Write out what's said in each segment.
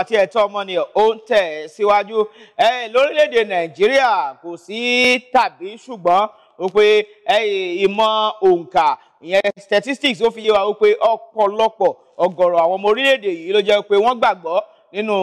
àti ẹ̀tọ́ ọmọnìyàn ó ń tẹ̀ síwájú lórílẹ̀‐èdè nàìjíríà kò sí tàbí ṣùgbọ́n ó pé ìmọ̀ òǹkà ìyẹn statistics ó fi yé wa ó pé ọ̀pọ̀lọpọ̀ ọ̀gọ̀rọ̀ àwọn ọmọ orílẹ̀‐èdè yìí ló jẹ́ pé wọ́n gbàgbọ́ nínú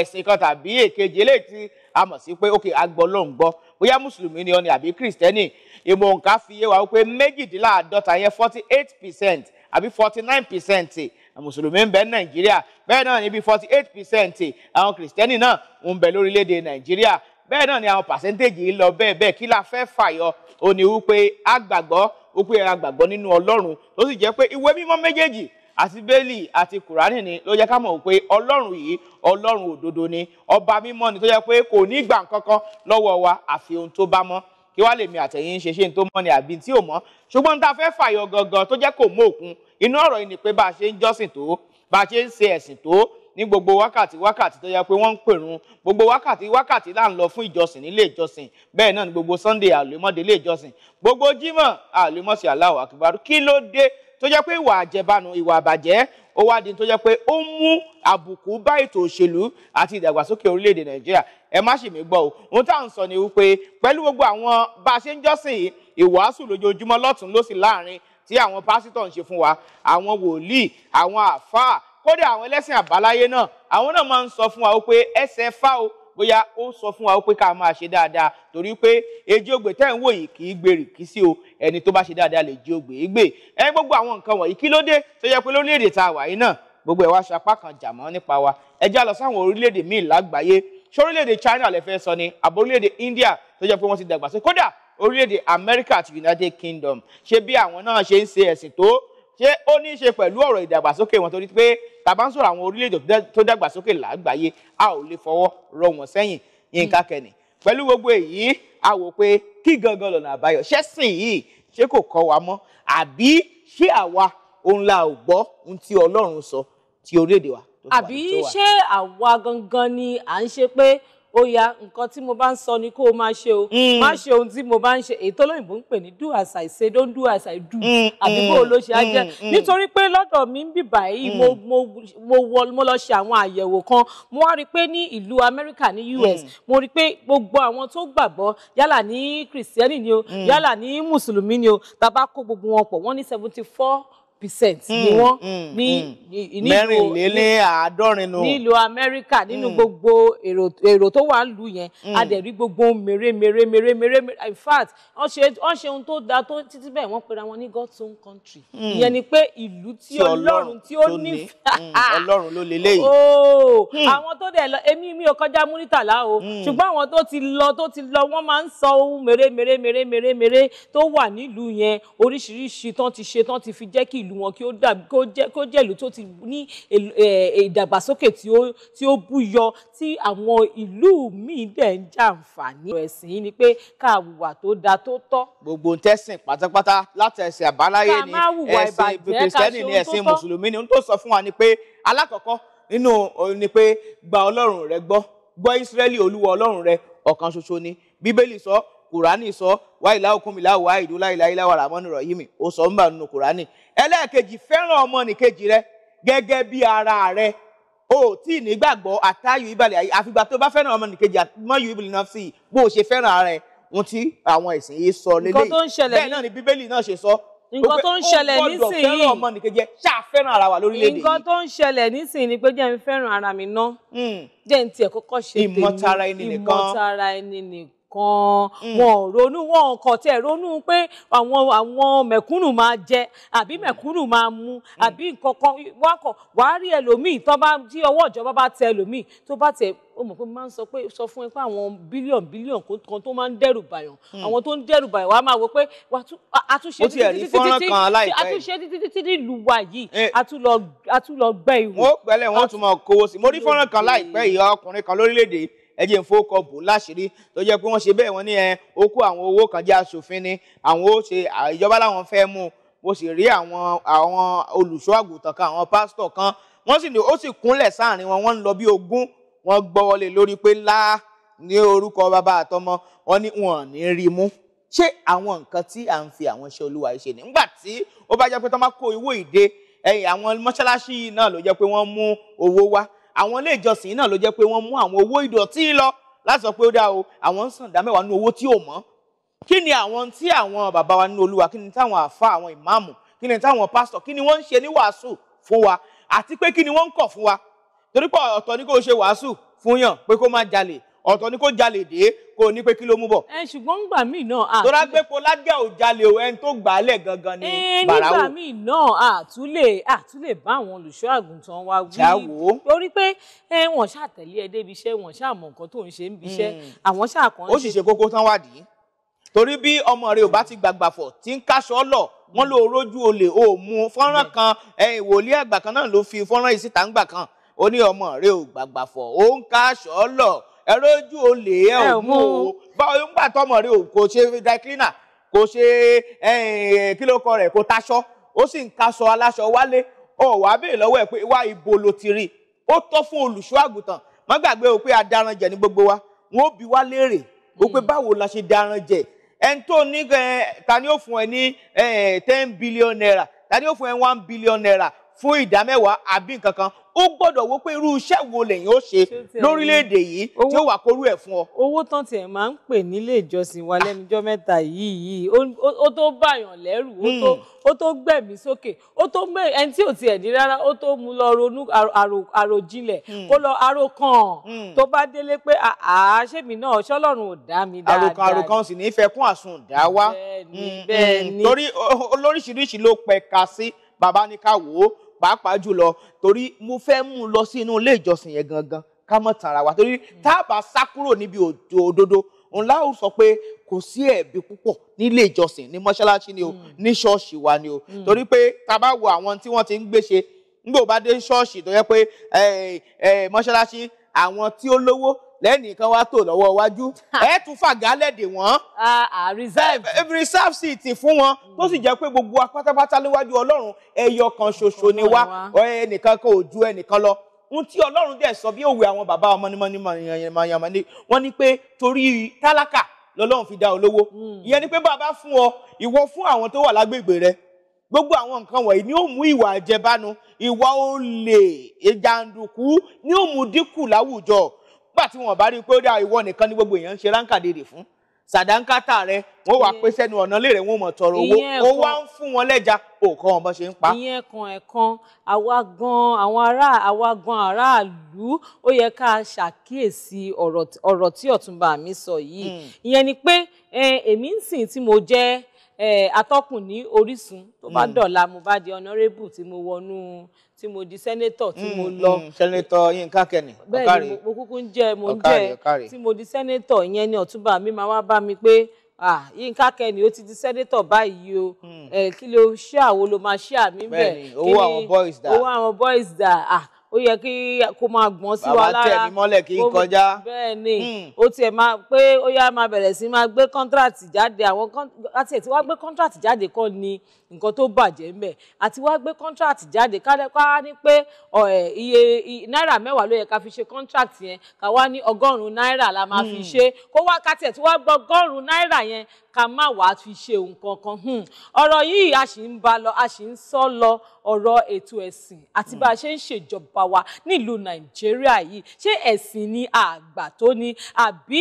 ẹ̀sìn kan tàbí èkejì eléyìí tí a mọ̀ sí pé ókè agbọ́ ló ń gbọ́ bóyá mùsùlùmí ni ọ́ni àbí kìrìsìtẹ́nì ìmọ̀ òǹkà fi yé wa ó pé méjìdínláàádọ́ta yẹn forty eight percent àbí forty nine percent mùsùlùmí ń bẹ ní nàìjíríà bẹ́ẹ̀ náà ní bí forty eight percent àwọn kìrìsìtẹ́nì náà ń bẹ lórílẹ̀‐èdè nàìjíríà bẹ́ẹ̀ náà ni àwọn percentage yìí lọ bẹ́ẹ̀ bẹ́ẹ̀ kí la fẹ́ fàyọ ó ní wípé àgbàgbọ́ wípé àgbàgbọ́ nínú ọlọ́run tó sì jẹ́ pé ìwé mímọ́ méjèèjì àti bẹ́ẹ̀lì àti kùránì ni ló jẹ́ ká mọ̀ pé ọlọ́run yìí ọlọ́run òdodo ni ọba mímọ́ ni tó jẹ́ pé kò ní gbà kankan lọ́wọ́ wa àfi ohun tó bá mọ́ kí wàá lèmi àtẹ̀yìn ṣe ṣe ń tó mọ́ ni àbí tí ò mọ́ ṣùgbọ́n tá a fẹ́ fàyọ gangan tó jẹ́ kò mú òkun inú ọ̀rọ̀ yìí ni pé bá a ṣe ń jọ́sìn tó bá a ṣe ń ṣe ẹ̀sìn tó ní gbogbo wákàtí wákàtí tó yẹ pé wọ́n ń pèrun gbogbo wákàtí wákàtí là ń lọ fún ìjọsìn nílé ìjọsìn bẹ́ẹ̀ náà ni gbogbo Sunday àlùmọ́dé ilé ìjọsìn gbogbo Jímọ̀ àlùmọ́sí Allahu Akbar kí ló dé tó jẹ́ pé ìwà àjẹbánu ìwà àbàjẹ́ ó wá di tó jẹ́ pé ó mú àbùkù bá ètò òṣèlú àti ìdàgbàsókè orílẹ̀-èdè nàìjíríà ẹ má ṣì mí gbọ́ o ohun tá à ń sọ ni wípé pẹ̀lú gbogbo àwọn bá a ṣe ń jọ́sìn ìwàásù lójoojúmọ́ lọ́tún lọ́sì láàrin tí àwọn pásítọ̀ ń ṣe fún wa àwọn wòlíì àwọn àfáà kódà àwọn ẹlẹ́sìn àbáláyé náà àwọn náà máa ń sọ fún wa wípé ẹsẹ̀ fá o bóyá ó sọ fún wa pé ká máa ṣe dáadáa torí pé èjì ògbè tẹ́ ń wò yìí kì í gbèrè kì sí o ẹni tó bá ṣe dáadáa lè jí ògbè é gbè ẹ gbogbo àwọn nǹkan wọ̀nyí kí ló dé tó yẹ pé lórílẹ̀‐èdè tá a náà gbogbo ẹ̀ wá ṣapá kan jàmọ́ nípa wa ẹ já lọ sáwọn orílẹ̀‐èdè míì lágbàáyé ṣorílẹ̀-èdè China lè fẹ́ sọ ni àbí orílẹ̀-èdè India tó jẹ́ pé wọ́n ti dàgbà sí kódà orílẹ̀-èdè America àti United Kingdom ṣé bí àwọn náà ṣe ń ṣe ẹ̀sìn tó ṣé ó ní í ṣe pẹ̀lú ọ̀rọ̀ ìdàgbàsókè wọn torí pé tàbá ń sọ̀rọ̀ àwọn orílẹ̀-èdè tó dàgbàsókè lágbàáyé a ò lè fọwọ́ rọ wọn sẹ́yìn Yínká hmm. Kẹ́ni pẹ̀lú gbogbo èyí a wò pé kí gangan lọ́nà àbáyọ ṣẹ́sìn yìí ṣé kò kọ́ wa mọ́ àbí ṣé àwa òun la ò gbọ́ ohun tí Ọlọ́run sọ ti orílẹ̀-èdè wa àbí ṣé àwa gangan ni à ń ṣe pé ó ya nǹkan tí mo bá ń sọ ni kó o máa ṣe o mm. má ṣe ohun tí mo bá ń ṣe èyí tó lóyìnbó ń pè ní do as I say don't do as I do mm, àbí mm, bó o ló ṣe á jẹ́ nítorí pé lọ́dọ̀ mi ń bìbà yìí mo mo mo wọ mo lọ ṣe àwọn àyẹ̀wò kan mo wá rí i pé ní ìlú Amẹ́ríkà ní US mo rí i pé gbogbo àwọn tó gbàgbọ́ yálà ní kìrìsìtẹ́nì ni o yálà ní mùsùlùmí ni o tá a bá kó gbogbo wọn pọ̀ wọ́n ní seventy four percent ni hmm, wọ́n hmm, hmm. ní nílùú Amẹ́ríkà nínú gbogbo èrò tó wà lù yẹn a dẹ̀ rí gbogbo mèremère mèremère in fact wọ́n ṣe wọ́n ṣe ohun tó da tó títí bẹ́ẹ̀ wọ́n pera wọn ní God's own country ìyẹn ni pé ìlú tí Ọlọ́run tí ó nífẹ̀ẹ́ Ọlọ́run ló lélẹ́yìí oh, àwọn tó dẹ̀ lọ èmi mi ò kọjá múrítàlá o ṣùgbọ́n àwọn tó ti lọ tó ti lọ wọ́n máa ń sọ ohun mèremère mèremère mèremère tó wà nílùú yẹn oríṣiríṣi tán ti ṣe tán ti fi jẹ́ kí ìlú ìlú wọn kí ó dàbí kó jẹ́ kó jẹ́ ìlú tó ti ní ìdàgbàsókè tí ó búyọ tí àwọn ìlú míì dẹ̀ ń jàǹfààní ẹ̀sìn yìí ni pé ká hùwà tó da tó tọ́. gbogbo ń tẹ́sìn pátápátá láti ẹ̀sìn àbáláyé ni ẹ̀sìn kìrìsìtẹ́nì ni ẹ̀sìn mùsùlùmí ni ohun tó sọ fún wa ni pé alákọ̀ọ́kọ́ nínú ni pé gba ọlọ́run rẹ gbọ́ gbọ́ ìsírẹ́lì olúwa ọlọ́run rẹ ọ̀kan ṣoṣo ni bíbélì sọ kùránì sọ wáìlá okùnmílá wáìdú láìlá ilá wàrà mọ́nì rọ̀yìn mi ó sọ ń bà nínú kùránì ẹlẹ́ẹ̀kejì fẹ́ràn ọmọnìkejì rẹ gẹ́gẹ́ bí ara rẹ o tí nígbàgbọ́ àtayù ìbàlẹ̀ ayé àfìgbà tó bá fẹ́ràn ọmọnìkejì àtúmọ̀yù ìbìlẹ̀ náà sí bó o ṣe fẹ́ràn ara rẹ ohun tí àwọn ẹ̀sìn yìí sọ lélẹ́yìí bẹ́ẹ̀ náà ni bíbélì náà ṣe sọ nǹkan tó ń ṣẹlẹ̀ nísìnyí ó gbọ́dọ̀ fẹ́ràn ọmọ nìkan jẹ́ ṣáà fẹ́ràn ara wa lórílẹ̀‐èdè yìí nǹkan tó ń ṣẹlẹ̀ nísìnyí ni pé jẹ́ ń fẹ́ràn ara mi ná hmm. jẹ́ ń tiẹ̀ kọ́kọ́ ṣe tèmi ìmọ̀tara ẹni nìkan ìmọ̀tara ẹni nìkan kankan mm. wọn ò ronú wọn nǹkan tí ẹ ronú pé àwọn àwọn mẹ̀kúnnù máa jẹ àbí mm. mẹ̀kúnnù máa mu mm. àbí nǹkan kan wákọ wàá rí ẹlòmíì tó bá tí ọwọ́ ìjọba bá tẹ ẹlòmíì tó bá tẹ ó mọ̀ pé máa ń sọ pé sọ fún ẹ pé àwọn bílíọ̀nù bílíọ̀nù kan tó máa ń dẹ́rù bàyàn àwọn tó ń dẹ́rù bàyàn wàá máa wọ pé àtúnṣe títí títí títí títí nílùú yìí àtúnlọ eh. gbẹ ìwò. wọ́n pẹ̀lẹ́ wọ́n tún máa kówó sí mo rí fọ́nrán kan láìpẹ́ ìyá ọkùnrin kan lórílẹ̀‐èdè ẹ jẹ́ n fowókọ bò láṣìírí tó jẹ́ pé wọ́n ṣe bẹ́ẹ̀ wọ́n ní ẹ ó kó àwọn owó kan jẹ́ aṣòfin ni àwọn ó ṣe ìjọba làwọn fẹ́ mú mo sì rí àwọn àwọn olùṣọ́ àgùntàn kan àwọn pásítọ̀ kan wọ́n sì ní ó sì kúnlẹ̀ sáàrin wọn wọ́n ń lọ bí ogún wọ́n gbọ́wọ́lé lórí pé lá ní orúkọ bàbá àtọmọ wọ́n ní wọn ní rí mú ṣé àwọn nǹkan tí à ń fi àwọn iṣẹ́ olúwa ṣe ni nígbà tí ó bá jẹ́ pé tó máa kó owó ìdè ẹ̀yìn àwọn mọ́ṣáláṣí náà ló jẹ́ pé wọ́n mú owó wá àwọn ilé ìjọsìn náà ló jẹ́ pé wọ́n mú àwọn owó ìdọ̀tí lọ láti sọ pé ó dá o àwọn ń san ìdá mẹ́wàá nínú owó tí ò mọ́ kí ni àwọn tí àwọn bàbá wa nínú olúwa kí ni táwọn àfa àwọn ìmáàmù kí ni táwọn pásítọ̀ kí ni wọ́n ń ṣe ní wàásù fún wa àti pé kí ni wọ́n ń kọ̀ fún wa torí pé ọ̀tọ̀ ni kò ṣe wàásù fún yàn pé kó má jalè ọ̀tọ̀ ni kò jalè dé kò ní pé kí ló mú bọ̀. ẹ ṣùgbọ́n ńgbà míì náà a. tọ́lá gbé polájà ò jalè o ẹni tó gbà á lẹ̀ gangan ni bàráwò. nígbà míì náà àtúlè àtúlè bá àwọn olùṣọ́ àgùntàn wa wí. jáwo torí pé wọ́n ṣàtẹ̀lé ẹ débi iṣẹ́ wọ́n ṣàmọ̀ nǹkan tó ń ṣe hmm. ń biṣẹ́ àwọn ṣàkànṣe. ó sì ṣe kókó tán wádìí torí bí ọmọ rẹ ò bá ti gbàgbà fọ̀ tí ń káṣọ lọ wọn lò rójú olè ò mú fọ́nrán hmm. kan ẹ̀yìn wòlíì àgbà kan náà ló fi fọ́nrán yìí síta ńgbà kan ó ní ọmọ rẹ ò gbàgbà fọ̀ ó ń káṣọ lọ ẹ̀rọ ojú olè ẹ̀ ò mú o báwo ń gbà tọmọ rẹ o kò ṣe dry cleaner kò ṣe kílókọ rẹ kò taṣọ ó sì ń kaṣọ aláṣọ wálé ọ wàá béèrè lọ́wọ́ ẹ̀ pé wá ibo lo ti rí ó tọ́ fún olùṣọ́ àgùntàn má gbàgbé o pé adaranjẹ ní gbogbo wa wọn ó bi wá léèrè o pé hmm. báwo la ṣe daranjẹ ẹni tó ní ta ni ó fún ẹ ní ten billion naira ta ni ó fún ẹ one billion naira fún ìdá mẹ́wàá àbí nǹkan ó gbọ́dọ̀ wo pé irú iṣẹ́ wo lèyìn ó ṣe lórílẹ̀‐èdè yìí tí ó wà kórú ẹ̀ fún ọ. owó tán tiẹ̀ máa ń pè nílé ìjọsìn wa lẹ́nujọ́ mẹ́ta yìí yìí ó tó bàyàn lẹ́rù ó tó hmm. gbẹ̀mí sókè ó tó gbẹ̀ ẹni tí ò tiẹ̀ ní rárá ó tó mú lọ ronú àròjinlẹ̀ hmm. kó lọ àròkàn hmm. tó bá délé pé àṣẹ́mi náà ṣọ́lọ́run ò dá mi dáadáa. àròkàn sì ní í fẹ́ kún àsun ìdá wa torí olóríṣiríṣi ló pẹ̀ka sí bàbá pàápàá jùlọ torí mo fẹ́ mú un lọ sí inú ilé ìjọsìn yẹn gangan ká mọ̀ tàn ara wa torí tá a bá sá kúrò níbi òdodo ńlá ò sọ pé kò sí ẹ̀bi púpọ̀ nílé ìjọsìn ní mọ́ṣáláṣí ni o hmm. ní ṣọ́ọ̀ṣì wa ni o hmm. torí pé tá a bá wo àwọn tí wọ́n ti ń gbéṣe nígbà ó bá dé ṣọ́ọ̀ṣì tó yẹ pé eh, eh, mọ́ṣáláṣí àwọn tí ó lówó lẹ́nìkan wá tò lọ́wọ́ iwájú ẹ tún fàgálẹ̀dè wọ́n reserve reserve seat fún wọn tó sì jẹ́ pé gbogbo apátápátá níwájú ọlọ́run ẹyọ kan ṣoṣo ni wá ẹnìkan kan ò ju ẹnìkan lọ ohun tí ọlọ́run dẹ̀ sọ bí òwe àwọn bàbá ọmọnìmọ̀nìmọ̀nìmọ̀nìmọ̀nì wọ́n ní pé torí tálákà lọ́lọ́run fi dá olówó hmm. ìyẹn ni pé bàbá fún ọ ìwọ fún àwọn tó wà lágbègbè rẹ gbogbo àwọn nǹkan wọ̀nyí ni ó mú ìwà àjẹbánu ìwà olè ìjàǹdùkú ni ó mú dínkù láwùjọ gbà tí wọn bá rí i pé ó dá ìwọ nìkan ní gbogbo èèyàn ń ṣe ránkàdédè fún sàdánkátà rẹ wọn wàá pé sẹnu ọ̀nà lè rẹ wọn mọ̀ tọrọ owó ó wá ń fún wọn lẹ́jà òkò ọmọ ṣe ń pa. ìyẹn kan ẹ̀kan àwa gan àwọn ará àwa gan aráàlú ó yẹ ká ṣàkíyèsí ọ̀rọ̀ tí ọ̀túnba mi sọ yìí hmm. ìyẹn ni pé èmi ń sìn tí mo jẹ́ atọ́kùn ní Orísun tó bá hmm. dọ̀la mo bá di honourable tí mo wọnú tí mo di senator tí mo hmm, hmm, lọ. senator Yínká Kẹ́ni ọ̀kàrí bẹ́ẹ̀ ni mo kúkú ń jẹ́ mo ń jẹ́ tí mo di senator ìyẹn ni ọ̀túnba mi máa wá bá mi pé ah Yínká ó ti di senator báyìí o kí ló ṣé àwo ló máa ṣé àmì bẹ́ẹ̀ ni owó àwọn boys dà owó àwọn boys dà ó yẹ kí kó máa gbọ́n sí wa lára bàbá tẹ̀ mí mọ́lẹ̀ kí n kọjá bẹ́ẹ̀ ni hmm. ó tiẹ̀ máa pé ó yá máa bẹ̀rẹ̀ sí máa gbé kọ́ńtrátì jáde àwọn àti ẹ̀tí wá gbé kọ́ńtrátì jáde kọ́ ni nǹkan tó bàjẹ́ ń bẹ̀ àti wá gbé kọ́ńtrátì jáde ká ní pé iye náírà mẹ́wàá ló yẹ ká fi ṣe kọ́ńtrátì yẹn ká wá ní ọgọ́rùn-ún náírà la máa fi hmm. ṣe kó wá ká tiẹ̀ tí wá gbọ́ ọgọ́rùn-ún náírà yẹn ká má wàá fi ṣe nǹkan kan hmm. ọ̀rọ̀ yìí a sì ń ba lọ a sì ń sọ lọ ọ̀rọ̀ ètò ẹ̀sìn àti bá a ṣe ń ṣèjọba bàbá wa nílùú nàìjíríà yìí ṣé ẹ̀sìn ni àgbà tó ni àbí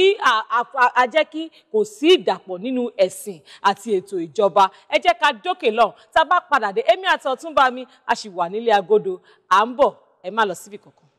a jẹ́ kí kò sí ìdàpọ̀ nínú ẹ̀sìn àti ètò ìjọba ẹ jẹ́ ká dókè lọ́hùn tá a bá padà dé èmi àti ọ̀túnba mi a sì wà nílé agodo à ń bọ̀ ẹ má lọ síbi kankan.